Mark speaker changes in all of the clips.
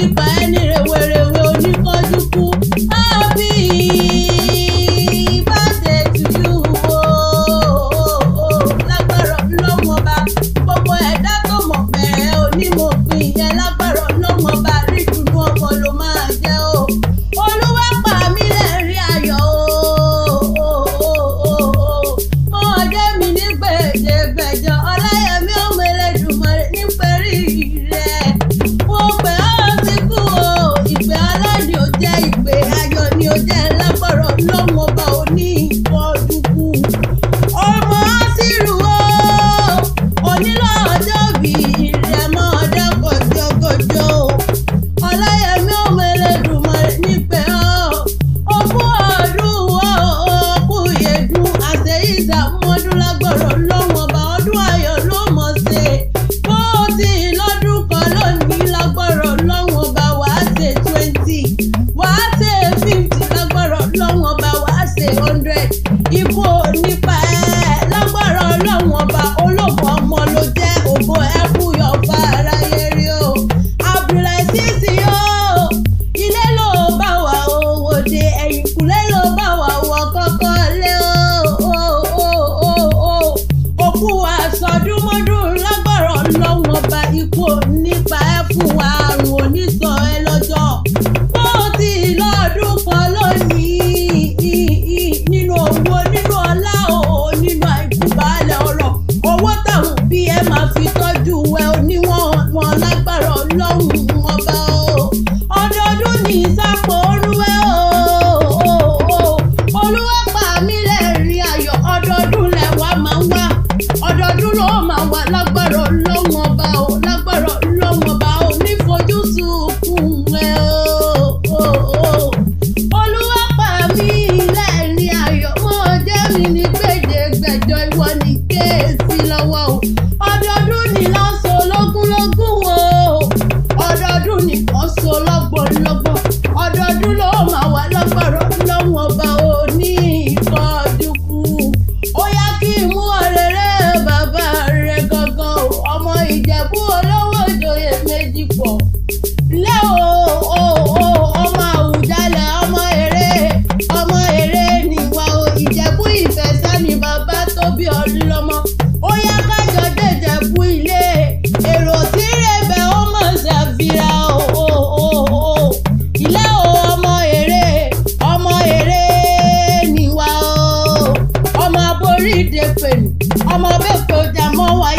Speaker 1: Unified. àmúmọ́dún lágbọ̀rọ̀ lọ́wọ́ ọmọ bẹ́ẹ̀ tó jà mọ́ wáyé.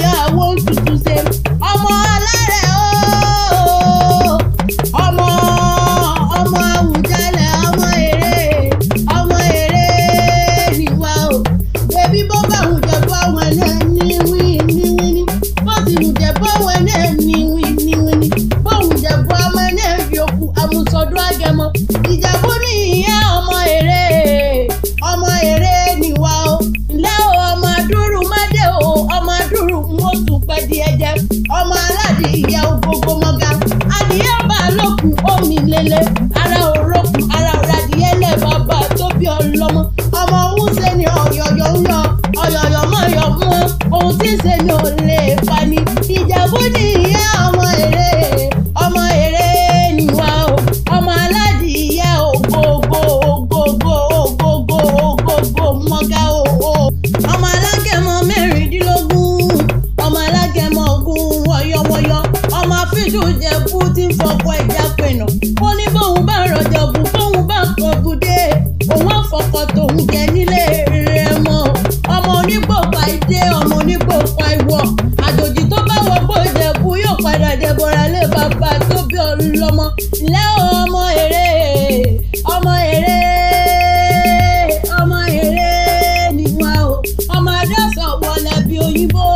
Speaker 1: òun àfọkọ tòun jẹ nílé rẹ mọ ọmọ onígbò pàdé ọmọ onígbò pàìwọ àjòjì tó bá wọ bó jẹ̀bú yóò padà dẹbọra lé bàbá tó bí ọlọ́mọ lẹ́ ọmọ èrè ọmọ èrè ọmọ èrè ni o ọmọ adásọ̀ wọlé bí òyìnbó.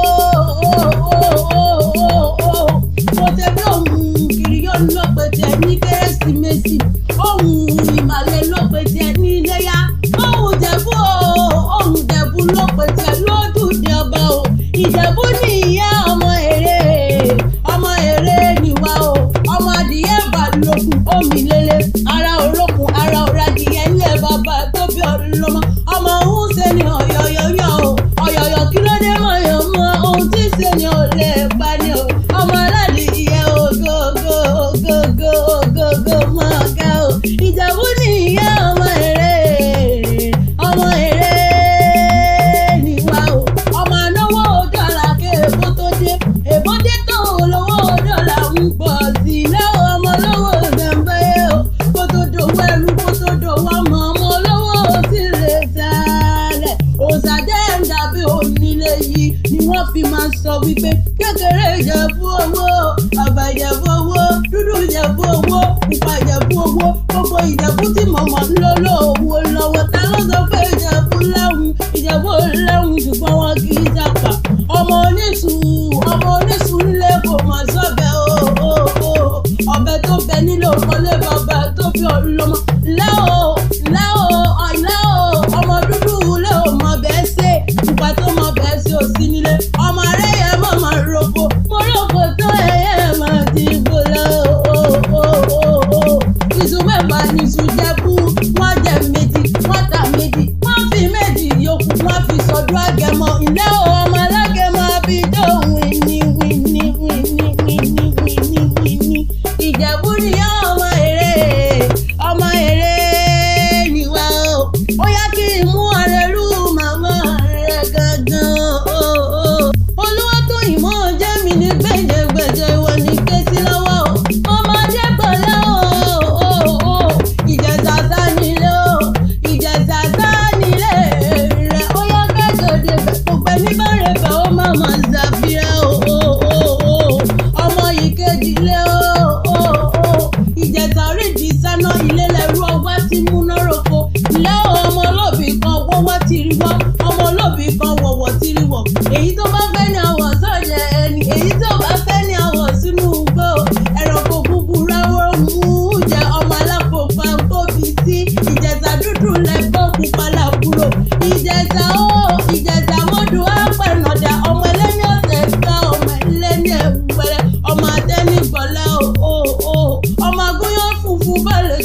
Speaker 1: sì lọ́wọ́ ọmọ lọ́wọ́ ìgbàmbáyé o kó tó dọ̀wọ́ ẹrú kó tó dọ̀wọ́ ọmọ ọmọ lọ́wọ́ sì lè sálẹ̀ òsàdé ẹ̀dá bí onílé yìí ni wọ́n fi máa sọ wípé kékeré ìjẹ̀bú owó àgbà ìjẹ̀bú owó dúdú ìjẹ̀bú owó pupa ìjẹ̀bú owó tí mọ̀mọ́ ń lò lọ́wọ́ tá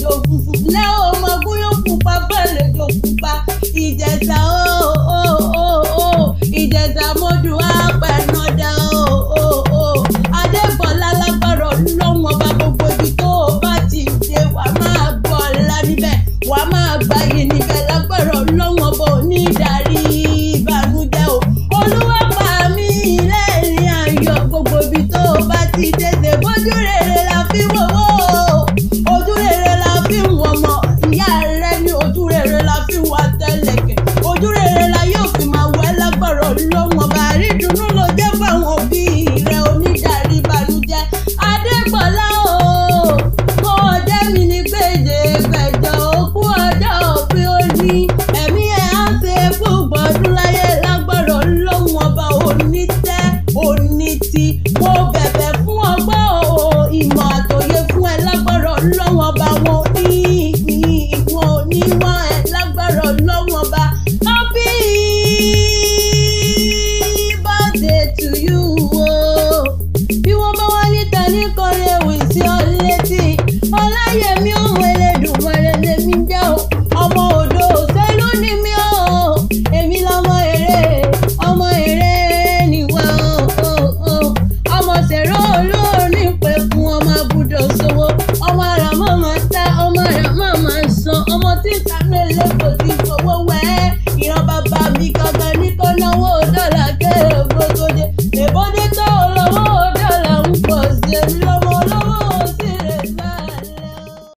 Speaker 1: go